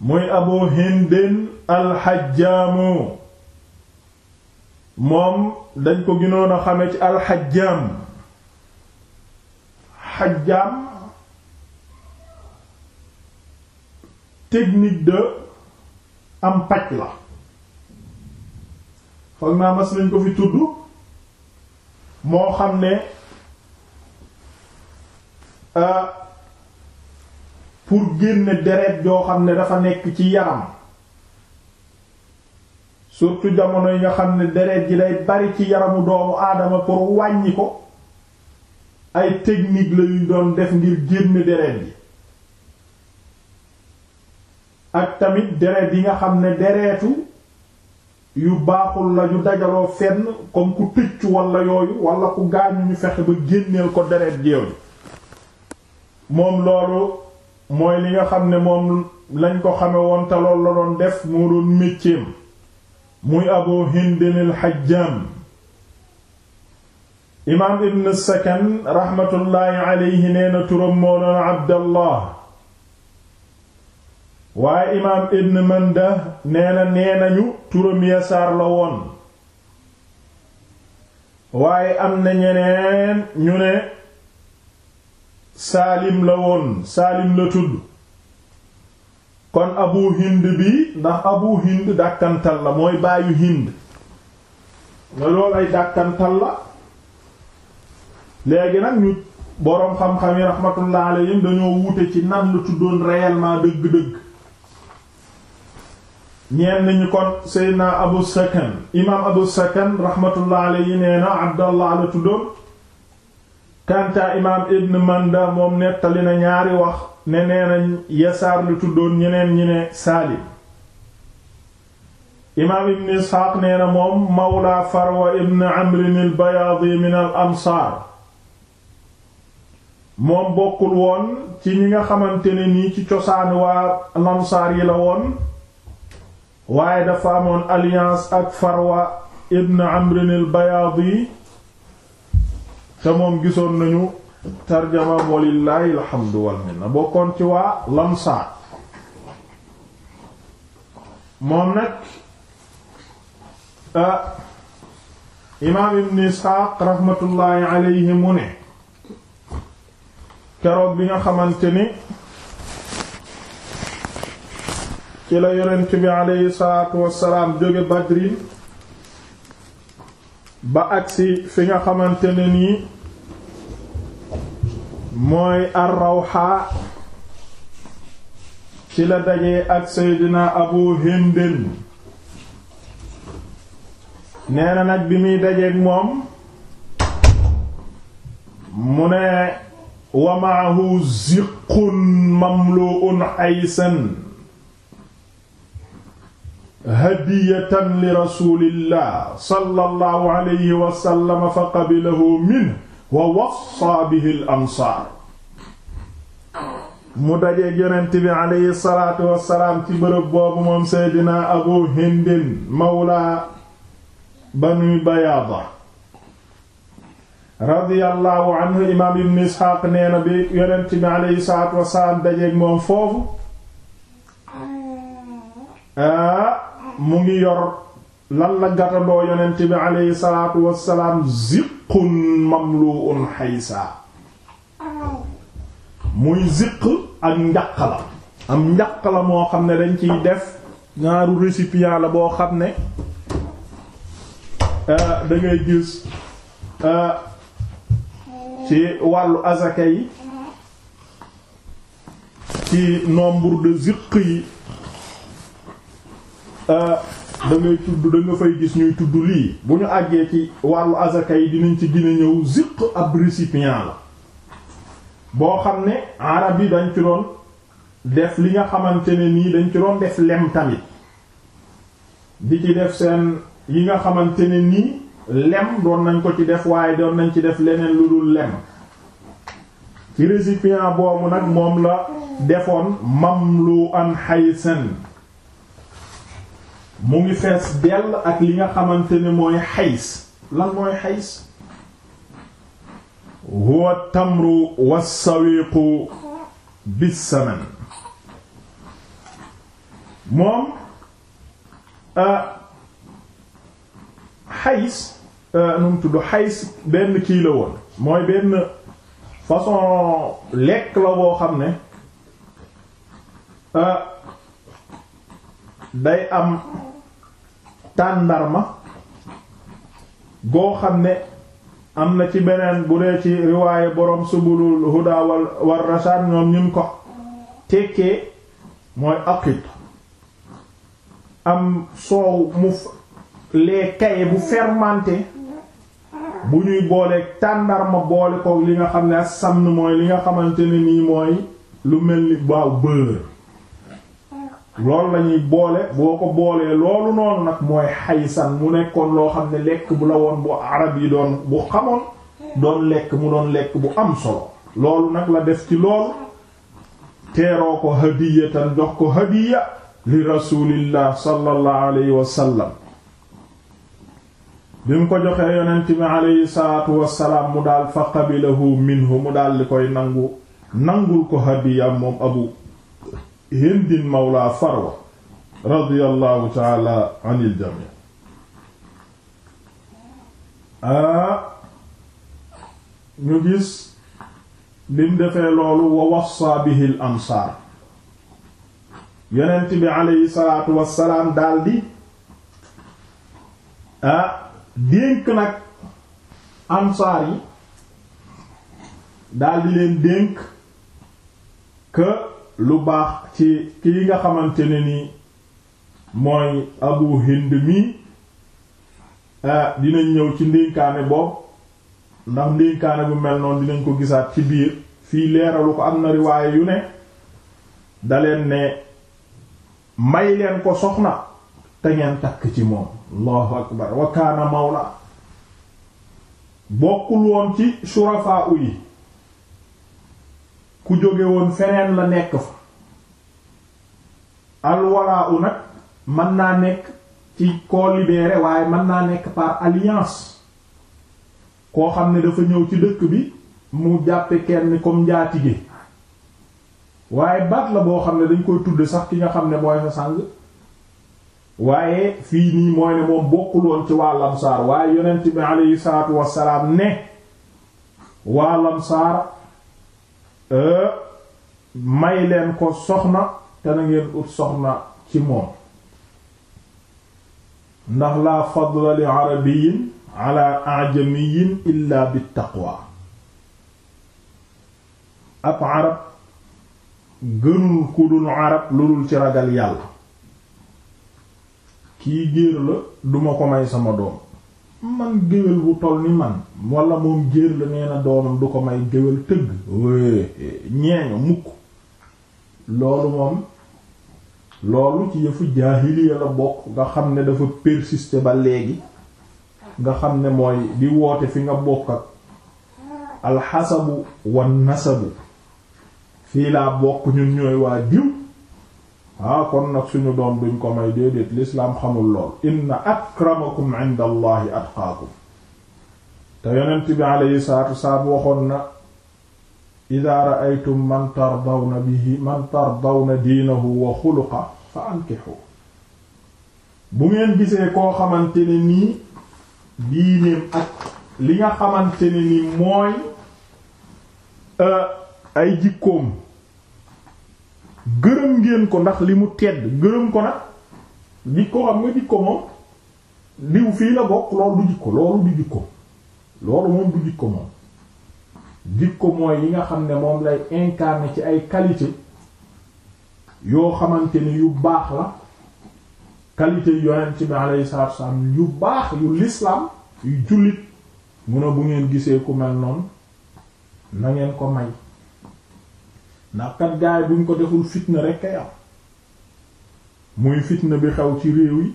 muy abu hindin alxajjaamu moom dañ ko gënoon a xame ci alxajjaam xajjaam technique de am paj la foog naa mas nañ ko fi tudd moo xam ne ah pour génne deret joo xam ne dafa nekk ci yaram surtout jamono yi nga xam ne deret ji day bari ci yaramu doomu aadama pour wàññi ko ay technique la yuñ doon def ngir génne deret ji ak tamit deret yi nga xam ne deretu yu baaxul lañu dajaloo fenn comme ku tëcc walla yooyu walla ku gaañu ñu fexe ba génneel ko deret jeew moom loolu mooy li nga xam ne moom lañ ko xame woon te lool la doon def moo doon métier muy abu hindin hajjam imaam ibn sakan raxmatullaahi aleyhi nee na turam moo doon abdallah waaye imaam ibn manda nee na nee nañu turam yasaar la woon waaye am na ñeneen ñu ne saalim la woon saalim la tudd kon abu hind bi ndax abu hind dàkkantal la mooy baayu hind nga lool ay dàkkantal la léegi nag ñu boroom xam-xam yi rahmatullah alayhim dañoo wuute ci nan la tuddoon réellement dëgg-dëgg ñeen ñu kon seydna abu sakan imaam abu sakan rahmatullah alayhi nee na abdallah la tuddoon kanta imaam ibn manda moom nettali na ñaari wax ne nee nañ yasaar lu tuddoon ñeneen ñi ne saalim imaam ibn isxaaq nee na moom mawla farwa ibn amrin bayaadi min al moom bokkul woon ci ñi nga xamante ne nii ci cosaan waa lansaar yi la woon waaye dafa amoon alliance ak farwa ibn amrin bayaadi te moom gisoon nañu tarjamaam walillaahi alhamdu wal minna bokkoon ci waa lamsaar moom nag ah, imaam ibn isxaaq raxmatullaahi mu ne keroog bi nga xamante ni ci la yonent bi alayhi salaatu wassalaam jóge badrin ba agsi fi nga xamante ne nii mooy ar-Rawha ci la dajee ak Seydina Abu Hind nee na nag bi muy dajeeg moom mu ne wa maahu ziqun mamlu'un aysan hadiyatan li rasulillah sallallahu alayhi wa sallam fa qabilahu minhu wa wassa bihi al mu dajeeg yonent bi aleyhi salaatu wassalaam ci bërëb boobu moom seydina abu hindin mawla banu bayaada radiyallahu anhu imaam ibn isxaaq nee bi yonent bi aleyhi salaatu wassalaam dajeeg moom foofu ah. Ah, mu ngi yor lan la gatandoo yonent bi aleyhi salaatu wassalaam ziqun mamlu'un haysa muy ziq ak njaq la am njaq la moo xam ne dañ ciy def ñaaru récipient la boo xam ne euh, dangay gis euh, ci wàllu azaka yi ci nombre de ziq yi euh, da ngay tudd da nga fay gis ñuy tudd lii bu ñu àggee ci wàllu azaka yi dinañ ci gën a ñëw ziq ab récipient la boo xam ne arab yi dañ ci doon def li nga xamante ne nii dañ ci doon def lem tamit di ci def seen yi nga xamante ne nii lem doon nañ ko ci def waaye doon nañ ci def leneen lu dul lem ci récipient boobu nag moom la defoon mamlu an haysan mu ngi fees dell ak li nga xamante ne mooy xays lan mooy xays huwa tamru wassawiqu bisaman moom euh, xays euh, nu mu tudd xays benn kii la woon mooy benn façon lekk la woo xam ne euh, day am tàndarma boo xam ne am na ci beneen bu dee ci riwaaye boroom subulul huda wal war rasad ñoom ñun ko tekkee mooy aqit am soow mu lait caillé bu fermenté bu ñuy booleeg tàndarma boole ko li nga xam ne ak mooy li nga xamante ne nii mooy lu mel ni baaw beurre loolu la ñuy boole boo ko boolee loolu noonu nag mooy xaysan mu nekkoon loo xam ne lekk bu la woon bu arab yi doon bu xamoon doon lekk mu doon lekk bu am solo loolu nag la def ci loolu teeroo ko hadiyatan jox ko hadiya li rasulillah sallallahu alayhi wa bi mu ko joxee yonent bi alayhi salaatu wassalaam mu daal fa qabilahu minhu mu daal di koy nangu nangul ko hadiya moom abu hindin mawla farwa radiyallahu taala anil jami aa ñu gis bim defee loolu wa wassa bihi ansaar yonent bi aleyhi salaatu wassalaam daldi dénk nag ansaar yi daldi leen dénk que lu baax ci kii nga xamante ne ni mooy Abu Hind mi ah, dinañ ñëw ci ndénkaane boobu ndax ndénkaane bu mel noonu dinañ ko gisaat ci biir fii leeralu ko am na riwaaye yu ne daleen ne may leen ko soxna te ngeen takk ci moom allahu akbar wa kaana mawla bokkul woon ci shurafaa yi ku jóge woon feneen la nekk fa alwalaa u nag mën naa nekk ci koo libéré waaye mën naa nekk par alliance koo xam ne dafa ñëw ci dëkk bi mu jàppe kenn comme njaatige waaye baat la boo xam ne dañ koy tudd sax ki nga xam ne mooy sa sàng waaye fii nii mooy ne moom bokkuloon ci waa lamsaar waaye yonent bi aleyhi salaatu wassalaam ne waa lamsaar Euh, may ko soxna te na ngeen ut soxna ci moom ndax laa fadla li arabiyin ala ajamiyin bi taqwa ab arab gënul ku dul arab lu dul ci ragal yàlla kii géer la duma ko may sama doom man géwél bu toll ni man wala moom géer la nee na doomam du ko may géwél tëgg ñeeño mukk loolu moom loolu ci yëfu jaahiliya la bokk nga xam ne dafa persister ba léegi nga xam ne mooy di woote fi nga bokk ak alxasabu wan nasabu fii laa bokk ñun ñooy waa diw ah kon nag suñu doom duñ ko may déedéet lislaam xamul lool inna akramakum inda allahi atqaakum te yonent bi alayhi salaatu waxoon na idaa ra'aytum man tardawna bihi man tardawna diinahu wa xuluqa fa ankixu bu ngeen gisee koo xamante ne nii diineem ak li nga xamante ne ni mooy euh, ay jikkoom gërëm ngeen ko ndax li mu tedd gërëm ko nag jikko xam nga jikko moom liw fii la bokk loolu du ko loolu du ko loolu moom du jikko moom jikko mooy yi nga xam ne moom lay incarner ci ay qualité yoo xamante ni yu baax la qualité yonent bi alayhi salaatu wasallam yu baax yu l'islam yu jullit mun a bu ngeen gisee ku mel noonu na ngeen ko may ndax kat gaay buñ ko deful fitna rek kay muy fitna bi xew ci réew yi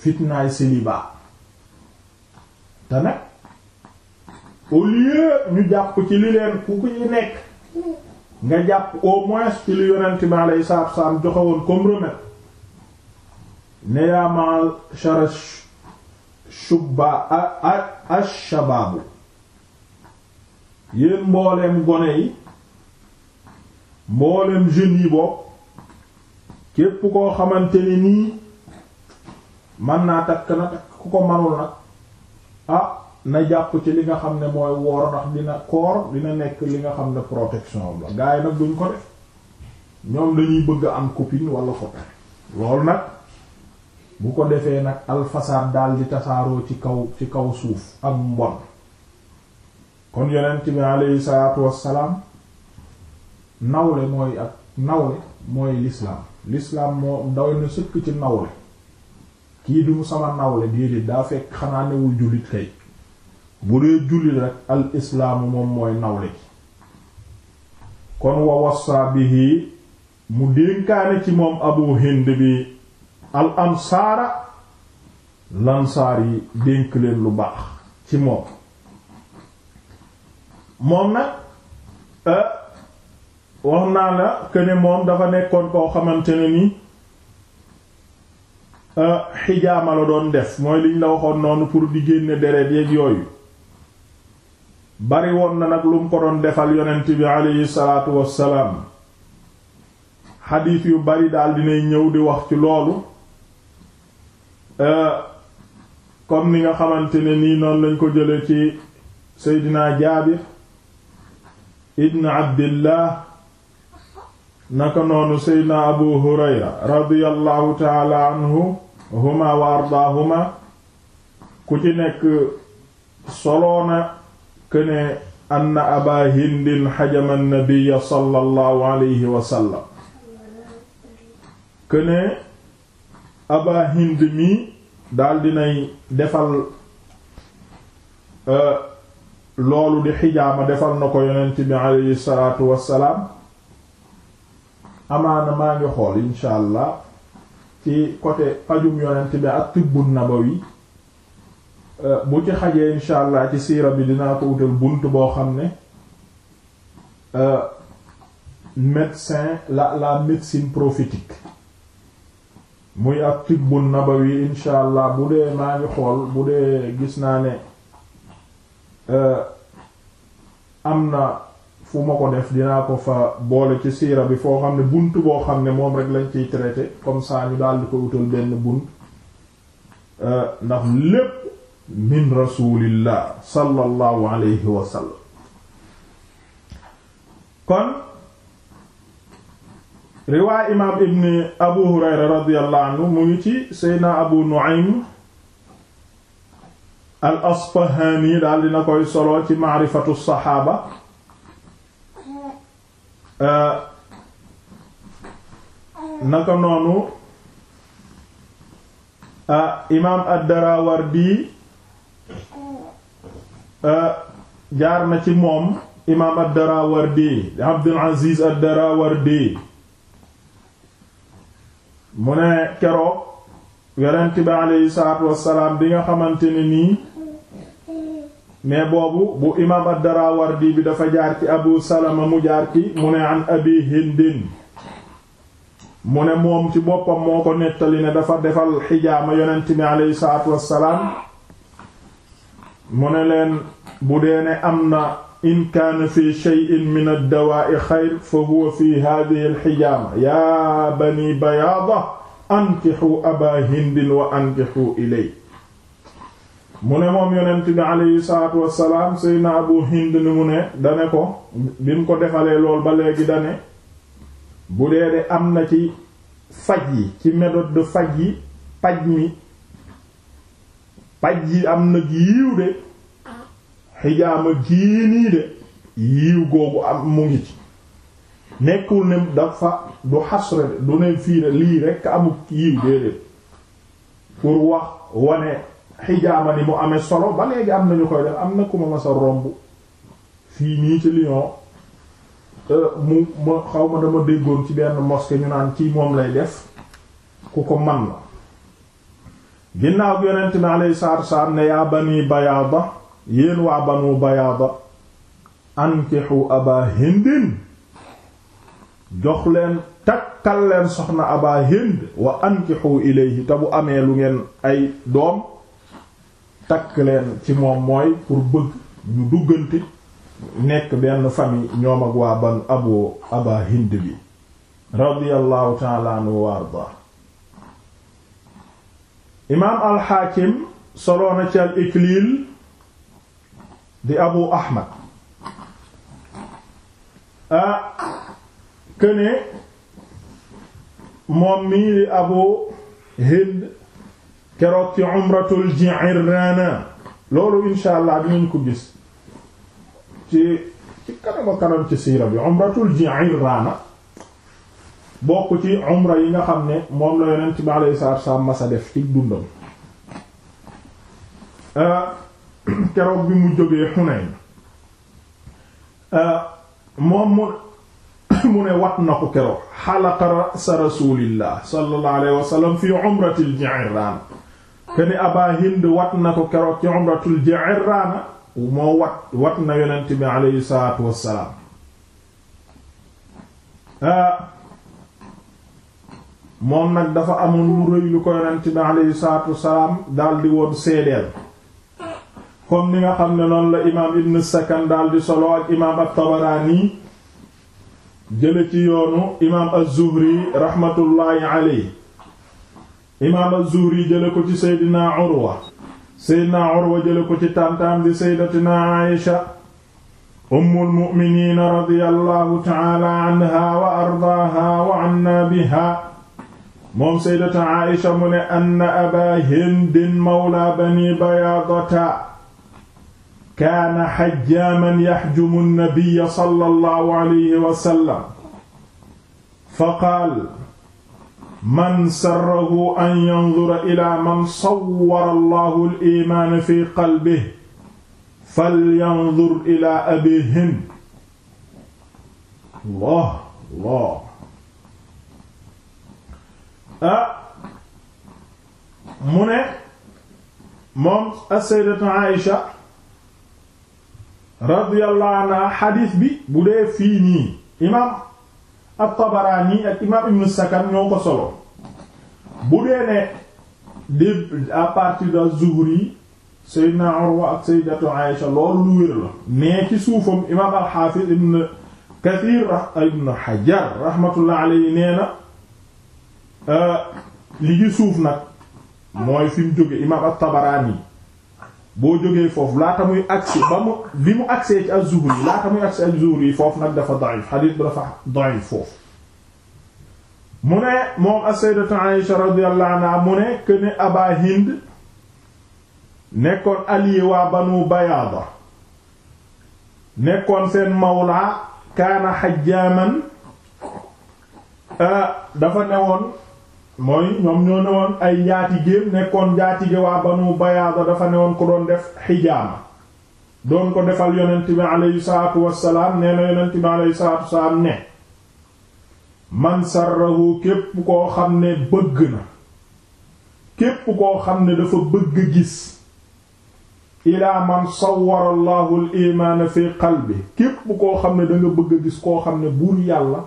fitnaay célibat te nag au ñu jàpp ci li leen ku ci nekk nga jàpp au moins ci li yonent bi alayhi salaatu salaam joxe woon comme remède ne shara shubba a a ashabaabu yéen mbooleem gone yi mboolem jeunes yi bopp képp koo xamante ni man naa takk na takk ku ko manul nag ah na jàpp ci li nga xam ne mooy woor ndax dina koor dina nekk li nga xam ne protection la gars nag duñ ko def ñoom dañuy bëgg a am copine wala copain loolu nag bu ko defee nag alfasaad daal di tasaaroo ci kaw suuf am mbon kon yonent bi alayhi salaatu wassalaam nawle mooy ak nawle mooy l'islam l'islam moo ndaw na sëkk ci nawle kii du mu sama nawle déedéet daa fekk xanaa newul jullit kay bu dee jullit rek al islaamu moom mooy nawle gi kon wa wassa bihi mu dénkaane ci moom abu hind bi al ansaara lansaar yi dénk leen lu baax ci moom moom nag euh, wax naa la que moom dafa nekkoon koo xamante ne ni euh, xijaama la doon def mooy liñ la waxoon noonu pour di génne deret yeeg yooyu bari woon na nag lu mu ko doon defal yonent bi aleyhi salaatu wassalaam xadiis yu bari daal dinay ñëw di wax ci loolu kon euh, ni nga xamante ne nii noonu lañ ko jële ci seydina jaabir ibn abdillah naka noonu seydna abu hurayra radiyallahu taala anhu huma wa ardaahuma ku ci nekk soloona këne anna aba hindin xajama nabiyya sallallahu alayhi wa sallam këne aba hind mi defal eh, loolu di xijaama defal na ko yonent bi alayhi salaatu wassalaam amaana maa ngi xool insha allah ci côté pajum yonent bi ak tibbun nabawi euh, bu ci xajee insha allah ci siira bi dinaa ko wutal bunt boo xam ne euh, médecin la la médecine prophétique muy ak tibbun nabawi insha allah bu dee maa ngi xool bu dee gis naa ne euh, am na fu ma ko def dinaa ko fa boole ci siira bi foo xam ne bunt boo xam ne moom rek lañ ciy traité comme ça ñu daal di ko wutal benn bunt euh, ndax lépp min rasulillah sallallahu alayhi wa sallam kon riwaay imaam ibn abu hurayra radiyallahu mu ngi ci seydna abu nu'aym al asfahani daal dina koy solo ci ma'rifatu saxaaba Euh, naka noonu euh, imaam ad-Darawardi euh, jaar na ci moom imaam ad-Darawardi Abdul Aziz ad-Darawardi mu ne keroog yonent bi aleyhi salaatu wassalaam bi nga xamante ne nii mais boobu bu imaam ad-Darawardi bi dafa jaar ci Abu Salama mu jaar ci mu ne Abi Hindin mu ne moom ci boppam moo ko nettali ne dafa defal xijaama yonent bi aleyhi salaatu wassalaam mu ne leen bu dee ne am na in kaana fi shay'in min ad-dawaa'i xayr fa huwa fi haadihi al yaa bani bayaada ankixu aba hindin wa ankixu ilay mu ne moom yonent bi aleyhi salaatu wassalaam Seydina Abu Hind ni mu ne dane ko bi mu ko defalee lool ba léegi dane bu dee de am na ci faj yi ci méthode de faj yi paj mi paj yi am na yiiw de xijaama gii nii de yiiw googu am mu ngi ci nekkul ne dafa du xasre du ne fii ne lii rekk amul yiiw pour wax wane xijaama ni mu amee solo ba léegi am nañu koy def am na ku ma masa romb fii nii ci Lyon mu ma xaw ma dama déggoon ci benn mosquée ñu naan kii moom lay def ku ko man la ginnaaw yonent bi alayhi salaatu wassalaam ne yaa bani bayaada yéen waa banu bayaada ankixu aba hindin jox leen takkal leen soxna aba hind wa ankixu ilayhi te bu amee lu ngeen ay doom takk leen ci moom mooy pour bëgg ñu duggante nekk benn famille ñoom ak waa ban abu aba hind bi radiyallahu taala wa arda imaam alxaakim soloona ci al ikliil di abu ahmad ah këne moom mii di abu hind keroog ci umratul Ji'irraana loolu insha allah dinañ ko gis ci ci kanama kanam siira bi umratul Ji'irraana bokk ci umra yi nga xam ne moom la yonent bi alayhi salaatu masa def ci dundam euh, keroog bi mu jógee Hunayn euh, moom mu mu ne wat na ko keroog xalaqa ra'sa rasulillah sallallahu alayhi wa sallam fi umratil Ji'irraana këni Abaa wat na ko keroog ci umratul Ji'irraana moo wat wat na ah, moom nag dafa amoon lu rëy lu ko yonent bi aleyhi salaatu wassalaam daldi woon nga xam ne noonu la imaam Ibn Sakan daldi solo ak imaam at-Tabaraani jële ci yoonu imaam az-Zuhri raxmatullaahi aleyhi imaam az-Zuhri jële ko ci seydina Urwa seydina Urwa jële ko ci tàntaam di seydatina Aïsha ummul mu'miniin radiyallahu ta'ala anha wa ardaaha wa anna biha moom seydata Aïsha mu ne anna aba hindin mawla bani bayaadata kaana xajjaaman yaxjumu nnabiya sallallahu alayhi wa sallam fa qaal man sarrahu an yanzura ila man sawwara allahu al-iimaan fi qalbihi falyanzur ila abi hind allah allah ah mu ne moom as-sayyidatu Aïsha radiyallahu anha xadiis bi bu dee fii nii imaam ak Tabaraani ak imam Ibn Sakan ñoo ko solo bu dee ne de à partir de Zuhri Sayyidina Urwa ak Sayyidatu Aïsha loolu lu wér la mais ci suufam imam al-Hafiz Ibn Kathir Ibn Hajar rahmatullah alayhi nee na euh, li ci suuf nag mooy fi mu jóge imam at-Tabaraani boo jógee foofu laata muy agsi ba mu bi mu agsee ci az-Zuhri yi laata muy agsi az-Zuhri yi foofu nag dafa da'if xadiis bi dafa da'if foofu mu ne moom as-sayyidatu Aïsha radiyallahu anha mu ne que ne Hind nekkoon allié waa Banu Bayaada nekkoon seen mawlaa kaana xajjaaman euh, dafa woon mooy ñoom ñoo ne woon ay njaatigéem nekkoon njaatige waa banu bayaada dafa ne woon ko doon def xijaama doon ko defal yonent bi aleyhi salaatu wassalaam nee na yonent ne man sarrahu képp koo xam ne bëgg na képp koo xam ne dafa bëgg gis ilaa man sawwara allahu al imaana fi qalbi képp koo xam ne danga bëgg gis koo xam ne buur yàlla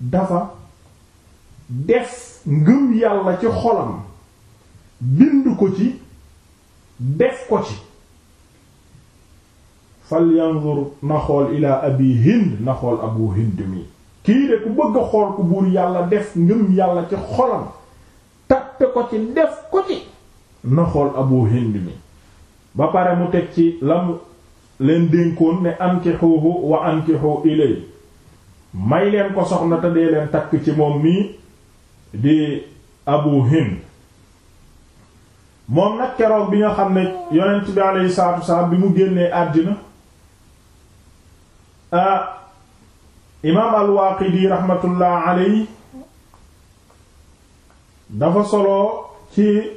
dafa def ngëm yàlla ci xolam bind ko ci def ko ci fal yanzur na xool ilaa abi hind na xool abu hind mi kii de ku bëgg a xool ku buur yàlla def ngëm yàlla ci xolam tappe ko ci def ko ci na xool abu hind mi ba pare mu teg ci lam leen dénkoon ne ankihuhu wa ankihu ilay may leen ko soxna te dee leen takk ci moom mii di Abu Hind moom nag keroog bi nga xam ne yonent bi alayhi salaatu wasalaam bi mu génnee àddina ah imaam al-Waaqidi rahmatullah dafa solo ci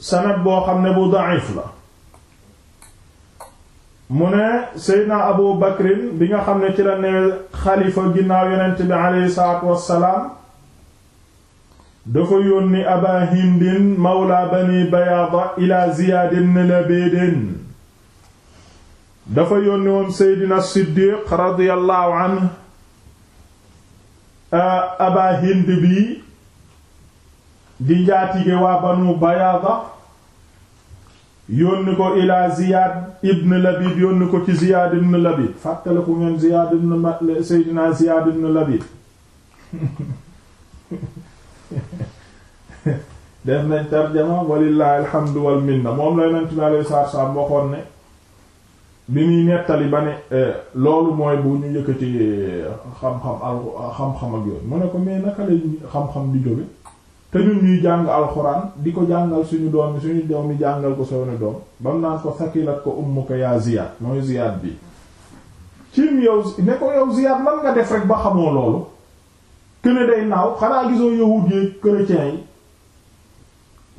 sanad boo xam ne bu da'if la mu ne Seydina Abu Bakrin bi nga xam ne ci la ne xalifa ginnaaw yonent bi alayhi salaatu wasalaam dafa yónni aba hindin mawla bani bayaada ila ziyaad ibn labeedin dafa yónni woon seydina siddiq radiyallahu anhu aba bi di njaatige waa banu bayaada yónni ko ila ziyaad ibn labid yónni ko ci ziyaad ibn labid fàttale ku ngeen ziyaad ibn seydina ziyaad ibn labid def nañ tarjama walillahi alhamdu wal minna moom la yonent bi alayhi salaatu salaam waxoon ne bi muy nettali ba ne eh, loolu mooy bu ñu yëkkati eh, xam-xam al xam-xam ak yooyu mu ne ko mais naka lay xam-xam di jóge te ñun ñuy jàng alxuraan di ko jàngal suñu doom suñu doom yi jàngal ko sowne doom bam naan ko sakilat ko ummuka yaa Ziyaad mooy Ziyaad bi ci yow ne ko yow Ziyaad lan nga def rek ba xamoo loolu këne day naaw xanaa gisoo yahud yi chrétiens yi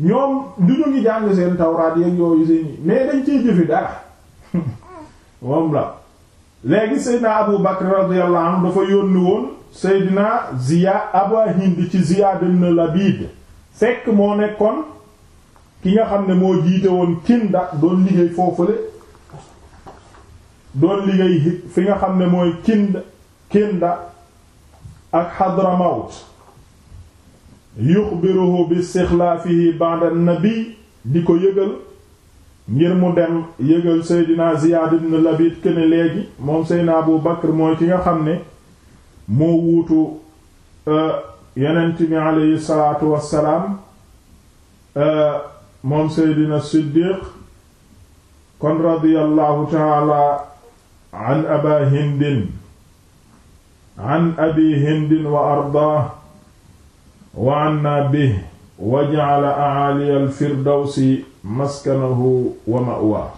ñoom du ñu ngi jàng seen tawraat yeeg yooyu seen yi mais dañ cee jëfe dara moom la léegi Seydina Abu Bakr radiyallahu anhu dafa yónni woon Seydina Ziya Aba Hind ci Ziyaad ibn Labid fekk moo nekkoon ki nga xam ne moo jiite woon Kinda doon liggéey foofule doon liggéey fi nga xam ne mooy Kinda Kinda ak Hadramawt yuxbiruhu bi istixlaafihi ba'da an di ko yëgal ngir mu dem yëgal Seydina Ziyaad ibn Labiid këne léegi moom Seydina Abu Bakr mooy ki nga xam ni moo wuutu euh, yonent bi aleyhi salaatu wassalaam euh, moom Seydina Siddiq kon radiyallahu taala an Hindin an abi hindin wa ardaah wa anna bihi wa ja'ala a'ali al-firdawsi maskanahu wa ma'waahu